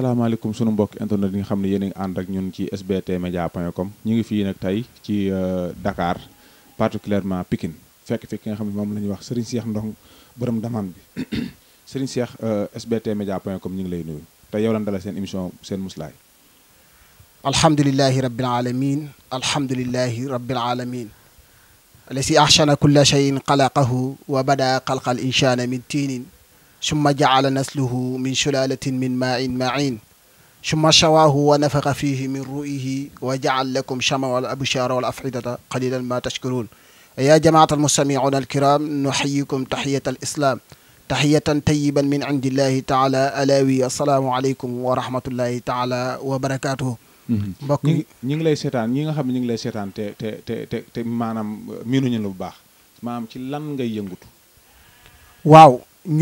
asalaamaaleykum sunu mbokk internet yi nga xam ne yéen a ngi ànd ak ñun ci sbtmedia.com ñu ngi fii nag tey ci euh, Dakar particulièrement Pikine fekk fi ki nga xam ne moom la ñuy wax Serigne Cheikh Ndong borom demande bi Serigne Cheikh euh, sbtmedia.com ñu ngi lay nuyu tey yow lan dalal seen émission seen muslaay. alhamdulilahi rabbil alamin alhamdulilahi rabbil alamin allasi ahsana kulla cheyin xalaqahu wa bada xalqal insana min tiinin summa jaala nasluhu min sulalatin min main main summa shawaahu wa nafaxa fihi min ruihi wa jaal lakum chama wal abshara wal afidata qalilan ma tashkurun yaa jamaata almustamiuna alkiram nuxayikum taxiyata alislam taxiyatan tayiban min indillahi taala alawi assalaamu aleykum wa rahmatullahi taala wa barakatuhu mbokk ñi ñi ngi lay seetaan ñi nga xam ne ñi ngi lay seetaan te te te te te maanaam miinuñu la bu baax maanaam ci lan ngay yëngutu waaw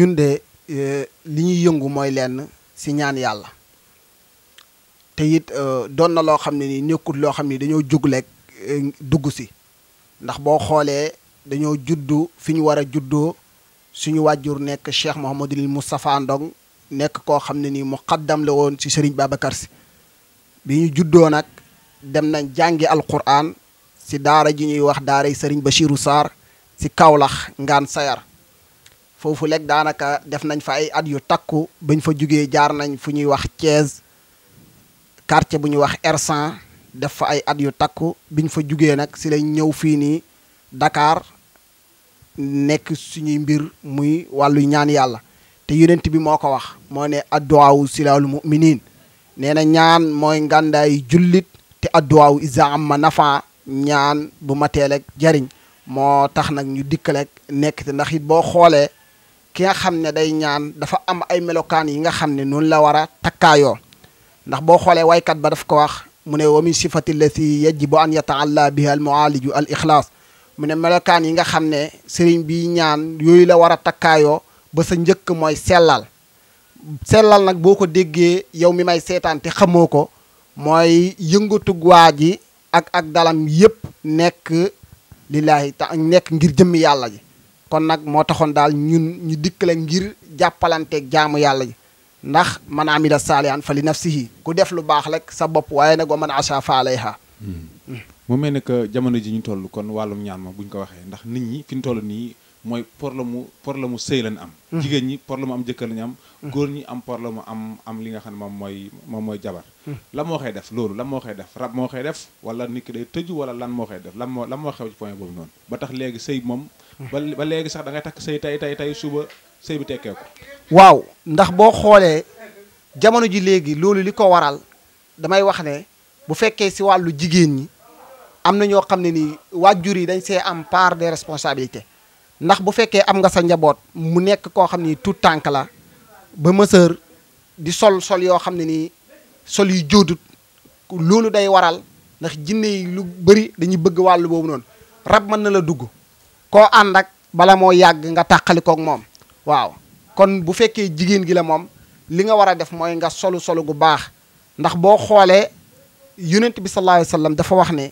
ñun de Eh, li ñuy yëngu mooy lenn si ñaan yàlla te it eh, doon na loo xam ne nii nekkut loo xam ni dañoo jugleeg eh, dugg si ndax boo xoolee dañoo juddu fi ñu war a juddoo suñu wàjjur nekk Cheikh Mouhamadul Moustapha Ndong nekk koo xam ne nii mu xaddam la woon si Serigne Babacar si bi ñu juddoo nag dem nañ jàngi alquran si daara ji ñuy wax daaray Serigne Bachirou Sarr si kawlax ngaan sayar foofu lekk daanaka def nañ fa ay at yu takku bañ fa jugee jaar nañ fu ñuy wax Thiès quartier bu ñuy wax R100 def fa ay at yu takku biñ fa jugee nag si lañ ñëw fii nii dakaar nekk suñuy mbir muy wàllu ñaan yàlla te yonent bi moo ko wax moo ne adduwaawu mu muminin nee na ñaan mooy ngàndaay jullit te adduwaawu isa am ma nafa ñaan bu mateel ak jariñ moo tax nag ñu dikkalek nekk te ndax it boo xoolee ki nga xam ne day ñaan dafa am ay melokaan yi nga xam ne noonu la war a takkaayoo ndax boo xoolee waykat ba daf ko wax mu ne womi wa min sifati allati yajibu an yataalla biha al mualiju al ixlaas mu ne melokaan yi nga xam ne sëriñ bi ñaan yooyu la war a takkaayoo ba sa njëkk mooy sellal sellal nag boo ko déggee yow mi may seetaan te xamoo ko mooy yëngatug waa ji ak ak dalam yépp nekk lillaahi ta nekk ngir jëmmi yàlla ji kon nag moo taxoon daal ñun ñu dikkale ngir jàppalanteeg jaamu yàlla yi ndax man amila saalihan fa li nafsihi ku def lu baax rek sa bopp waaye nag wa man asaa fa alayha hmm. Hmm. mu mel ne que jamono ji ñu toll kon wàllum ñaan ma buñ ko waxee ndax nit ñi fi ñu toll nii mooy problème mu problème mu sëy lañ am mm-hmm. jigéen ñi problème mu am jëkkër lañu am mm-hmm. góor ñi am problème mu am am li nga xam ne moom mooy moom mooy jabar mm-hmm. lan moo xëy def loolu lan moo xëy def rab moo xëy def wala nit ki day tëju wala lan moo xëy def lan moo lan moo xew ci point boobu noonu ba tax léegi sëy moom ba ba léegi sax da ngay takk sëy tay tay tay suba sëy bi tekkee ko waaw ndax boo xoolee jamono ji léegi loolu li ko waral damay wax ne bu fekkee si wàllu jigéen ñi am na ñoo xam ne ni waajur yi dañ see am part des responsabilités ndax bu fekkee am nga sa njaboot mu nekk koo xam ni tout tànk la ba mësër di sol sol yoo xam ne nii sol yu jóodut loolu day waral ndax jinne yi lu bari dañuy bëgg wàll boobu noonu rab mën na la dugg koo ànd ak bala moo yàgg nga tàqalikook moom waaw kon bu fekkee jigéen gi la moom li nga war a def mooy nga solu solu gu baax ndax boo xoolee yonent bi sallallahu alayhi wa sallam dafa wax ne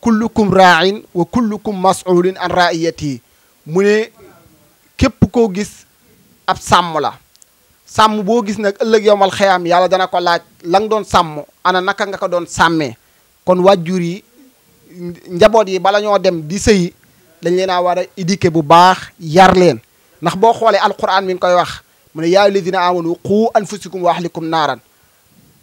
kullukum raain wa kullukum mas'ulin an yi mu ne képp koo gis ab sàmm la sàmm boo gis nag ëllëg yowmal xayaam yàlla dana ko laaj la nga doon sàmm ana naka nga ko doon sàmmee kon wàjjur yi njaboot yi bala ñoo dem di sëyi dañ leen a war a bu baax yar leen ndax boo xoolee alquran mi ngi koy wax mu ne yaa alladina amanu qu anfusikum wa ahlikum naaran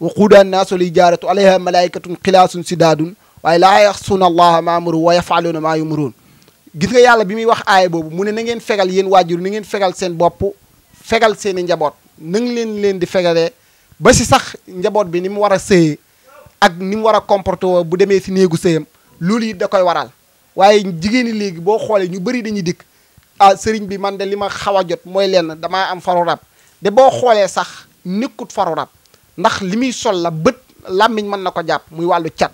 wa quudaa annaasu wal hijaaratu alayha malaikatun xilaasun sidaadun waaye laa yaxsuuna allaha ma amaru wa yafaluuna ma yumuruun gis nga yàlla bi muy wax aaya boobu mu ne na ngeen fegal yéen waajur na ngeen fegal seen bopp fegal seen i njaboot na leen leen di fegalee ba si sax njaboot bi ni mu war a sëyee ak ni mu war a comporté woo bu demee si néegu sëyam loolu yi da koy waral waaye jigéen ñi léegi boo xoolee ñu bëri dañuy dikk ah sëriñ bi man de li ma xaw a jot mooy lenn damay am faru rab de boo xoolee sax nekkut faru rab ndax li muy sol la bët làmmiñ mën na ko jàpp muy wàllu cat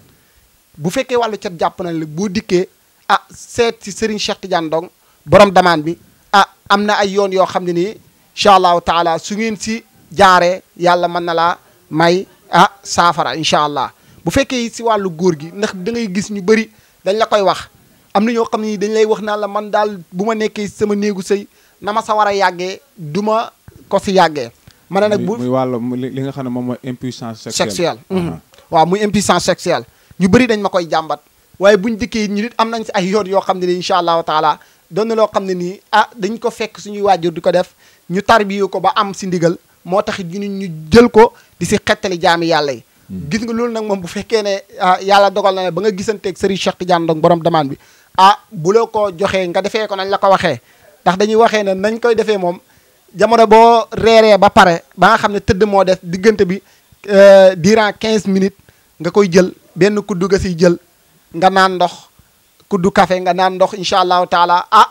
bu fekkee wàllu cat jàpp na la boo dikkee ah seet si Serigne Cheikh Tidiane Ndong borom damaan bi ah am na ay yoon yoo xam ne nii incha allahu taala su ngeen si jaaree yàlla man na laa may ah saafara incha allah bu fekkee si wàllu góor gi ndax da ngay gis ñu bëri dañ la koy wax am na ñoo xam ne dañ lay wax naa la man daal bu ma nekkee sama néegu sëy na ma sa war a yàggee duma ma ko si yàggee. ma ne nag bu muy wàllu li nga xam ne moom mooy impuissance sexuelle. Uh-huh. waaw muy impuissance sexuelle ñu bëri dañ ma koy jàmbat. waaye buñ dikkee ñu nit am nañ si ay yoon yoo xam ne ni incha allah taala doon na loo xam ne nii ah dañ ko fekk suñuy waajur di ko def ñu tarbiyo ko ba am si ndigal moo taxit ñu ñu jël ko di si xettali jaami yàlla yi hmm. gis nga loolu nag moom bu fekkee ne ah, yàlla dogal na ne ba nga gisanteeg Serigne Cheikh Tidiane Ndong borom damaan bi ah bu la ko joxee nga defee ko nañ la ko waxee ndax dañuy waxee ne nañ koy defee moom jamono boo reeree ba pare ba nga xam ne tëdd moo def diggante bi euh, durant 15 minutes nga koy jël benn kuddu ga siy jël nga naan ndox kuddu kafe nga naan ndox incha allah taala ah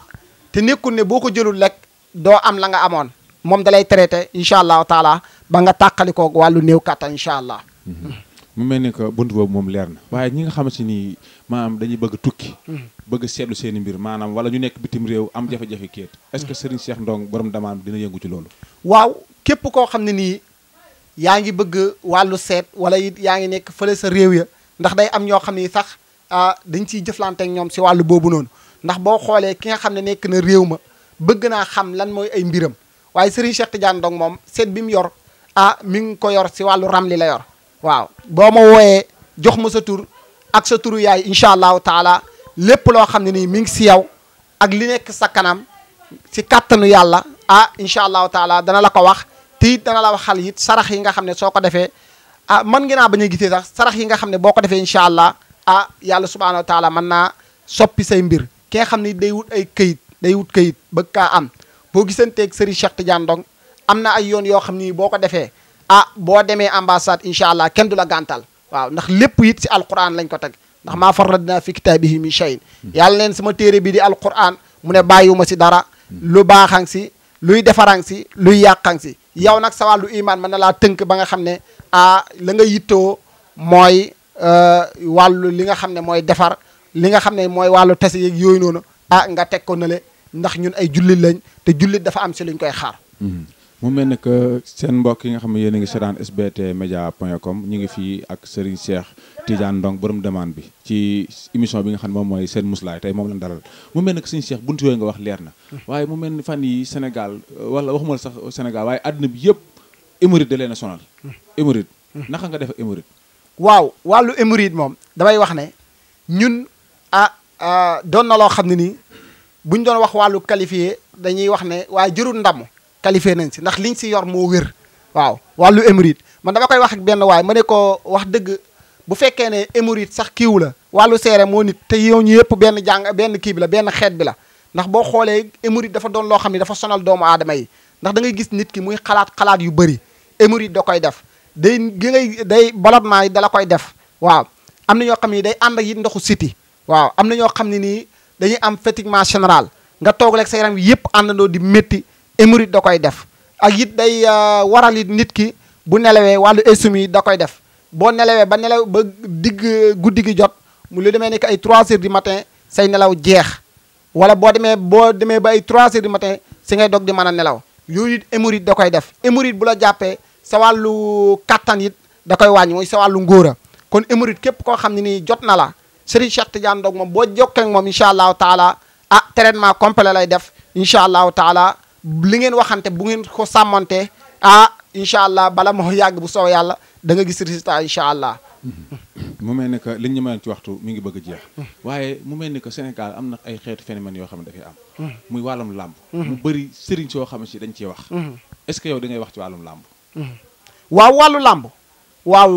te nekkul ne boo ko jëlul rek doo am la nga amoon moom dalay traité incha allahu taala ba nga tàqalikoog wàllu néew kàttan incha allah mm-hmm. mu mel ni que bunt boobu moom leer na waaye ñi nga xam si ni maanaam dañuy bëgg tukki mm-hmm. bëgg seetlu seen mbir maanaam wala ñu nekk bitim réew am jafe-jafe kéet est-ce que Serigne Cheikh Ndong borom damaan dina yëngu ci loolu waaw képp koo xam ne nii yaa ngi bëgg wàllu seet wala it yaa ngi nekk fële sa réew ya ndax day am ñoo xam ne sax Ah, dañ ciy jëflante ak ñoom si wàllu boobu noonu ndax boo xoolee ki nga xam ne nekk na réew ma bëgg naa xam lan mooy ay mbiram waaye Serigne Cheikh Tidiane moom seet bi mu yor ah mi ngi ko yor si wàllu ram li la yor waaw boo ma wooyee jox ma sa tur ak sa turu yaay incha allahu taala lépp loo xam ne nii mi ngi si yow ak li nekk sa kanam si kattanu yàlla ah incha allahu taala dana la ko wax te dana la waxal it sarax yi nga xam ne soo ko defee a ah, man ngi naa bañ a gisee sax sarax yi nga xam ne boo ko defee incha allah ah yàlla subhaanahu wa taala naa soppi say mbir ki nga xam ni day wut ay këyit day wut këyit bëgg kaa am boo gisanteeg Serigne Cheikh Tidiane Ndong am na ay yoon yoo xam ni boo ko defee ah boo demee ambassade incha allah kenn du la gàntal waaw ndax lépp it si alquran lañ ko teg ndax maa farradna fi kitaabihi min shay'in hmm. yàlla neen sama téere bi di alquran mu ne bàyyiwuma si dara hmm. lu baaxang si luy defarang si luy yàqang si yow nag sa wàllu iman ma na laa tënk ba nga xam ne a ah, langa nga Euh, wàllu li nga xam ne mooy defar li nga xam ne mooy wàllu tase yeeg yooyu noonu ah nga teg ko nale ndax ñun ay jullit lañ te jullit dafa am si luñ koy xaar. Mhm. mu mel ne que seen mbokk yi nga xam ne yéen a ngi seetaan sbt media point com ñu ngi ak Serigne Cheikh Tidiane borom demande bi ci émission bi nga xam ne moom mooy seen muslaay tey moom lañ dalal mu mel ne que Serigne Cheikh buntu yooyu nga wax leer na waaye mu mel ni fan yi Sénégal wala waxuma sax Sénégal waaye àddina bi yëpp émérite da leen a sonal émérite naka nga def émérite waaw wàllu hémorroïde moom damay wax ne ñun ah, ah doon na loo xam ne nii buñ doon wax wàllu qualifié dañuy wax ne waaye jërul ndam qualifié nañ si ndax liñ si yor moo wér waaw wàllu hémorroïde man dama koy wax ak benn waay ma ne ko wax dëgg bu fekkee ne hémorroïde sax kiiw la wàllu seere moo nit te yow ñu yëpp benn jàng benn kii bi la benn xeet bi la ndax boo xoolee hémorroïde dafa doon loo xam ne dafa sonal doomu aadama yi ndax da ngay gis nit ki muy xalaat xalaat yu bëri hémorroïde da koy def day gi ngay day ballonnement yi dala koy def waaw am na ñoo xam ne day ànd ak it ndoxu siti waaw am na ñoo xam ne nii dañuy am fatiguement général nga toog rek sa yaram yëpp àndandoo di métti hémorroïde da koy def ak it day euh, waral it nit ki bu nelawee wàllu insomnie da koy def boo nelawee ba nelaw ba digg guddi gi jot mu lu demee ni ay trois heures du matin say nelaw jeex wala boo demee boo demee ba ay 3 heures du matin si ngay dog di mën a nelaw yooyu it hémorroïde da koy def hémorroïde bu la jàppee sa wàllu kattan yit da koy wàññi mooy sa wàllu ngóora kon émérite képp koo xam ne nii jot na la Serigne Cheikh Tidiane Ndong moom boo jokkee moom incha allahu taala ah traitement complet lay def incha allahu taala li ngeen waxante bu ngeen ko sàmmante ah incha allah bala moo yàgg bu soow yàlla da nga gis résultat incha allah. Mm-hmm. mu mel ni que liñ ñu mën ci waxtu mi ngi bëgg a jeex. Mm-hmm. waaye mu mel ni que Sénégal am na ay xeet phénomène yoo xam ne dafay am. Mm-hmm. muy wàllum làmb. mu bëri sëriñ soo xam ne si dañ cee wax. est-ce que wax ci wàllum làmb. Mm-hmm. waaw wàllu làmb waaw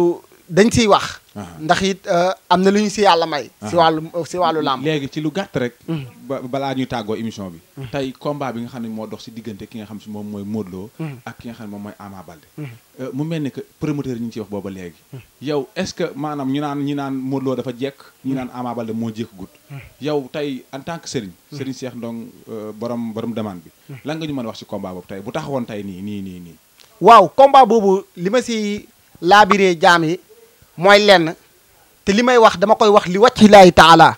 dañ siy wax. Uh-huh. ndax it uh, am na lu ñu si yàlla may. si uh-huh. wàllu uh, si wàllu làmb. léegi ci lu gàtt rek. Mm-hmm. balaa ñuy tàggoo émission bi. Mm-hmm. tey combat bi nga xam ne moo dox si diggante ki nga xam si moom mooy Modou Lo. ak moom mooy Ama Baldé. Uh, mu mel ni que promoteur ñu ngi ciy wax booba léegi. yow est-ce que maanaam ñu naan ñi naan Modou dafa jekk. ñi naan Ama Baldé moo jekk gut yow tey en tant que Serigne. seex Cheikh Ndong borom borom demande bi. lan nga ñu man a wax si combat boobu tey bu taxawoon tey nii nii nii nii. waaw combat boobu li ma si laabiree jaam yi mooy lenn te li may wax dama koy wax li wàcc laahi taala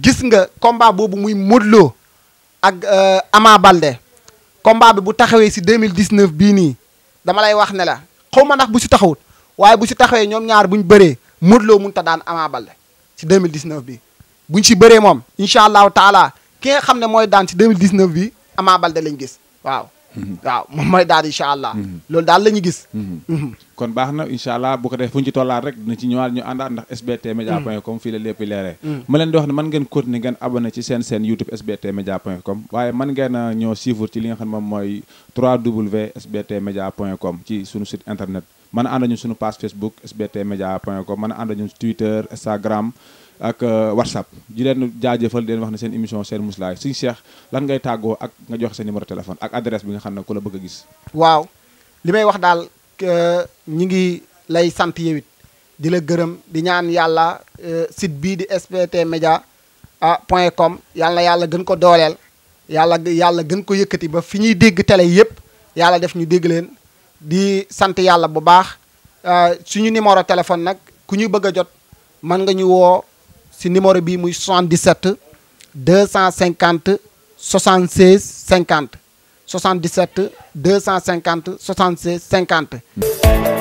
gis nga combat boobu muy Modou Lo ak euh, Ama Balde combat bi bu taxawee si 2019 bii nii dama lay wax ne la xaw ma ndax bu si taxawut waaye bu si taxawee ñoom ñaar buñ bëree Modou Lo mënut a daan Ama Balde si 2019 bi buñ si bëree moom incha allahu taala ki nga xam ne mooy daan si 2019 bi Ama Balde lañ gis waaw. waaw mm-hmm. ah, moom mooy daal incha allah. Mm-hmm. loolu daal la ñu gis. Mm-hmm. kon baax na incha allah bu ko defee fu ñu ci tollaat rek dina ci ñëwaat ñu àndaat ndax SBT Média point com fii la lépp leeree. ma leen di wax ne man ngeen continuer ngeen abonné ci seen seen YouTube SBT Média point com waaye mën ngeen a ñoo suivre ci li nga xam ne moom mooy 3W SBT Média point com ci sunu site internet mën a ànd ñu suñu page Facebook SBT Média point com mën a ànd ñu Twitter Instagram. ak euh, whatsapp di leen jaajëfal di leen wax na seen émission seen muslaay suñu Cheikh lan ngay tàggoo ak nga joxe sa numéro téléphone ak adresse bi nga xam ne ku la bëgg a gis waaw li may wax daal ñi ngi lay sant yewit di la gërëm di ñaan yàlla euh, sit bii di SBT ah point comme yàlla yàlla gën ko dooleel yàlla yàlla gën ko yëkkati ba fi ñuy dégg télé yëpp yàlla def ñu dégg leen di sant yàlla bu baax ah, suñu numéro téléphone nag ku ñu bëgg a jot mën nga ñu woo si numéro bii muy 77 250 76 50 77 250 76 50.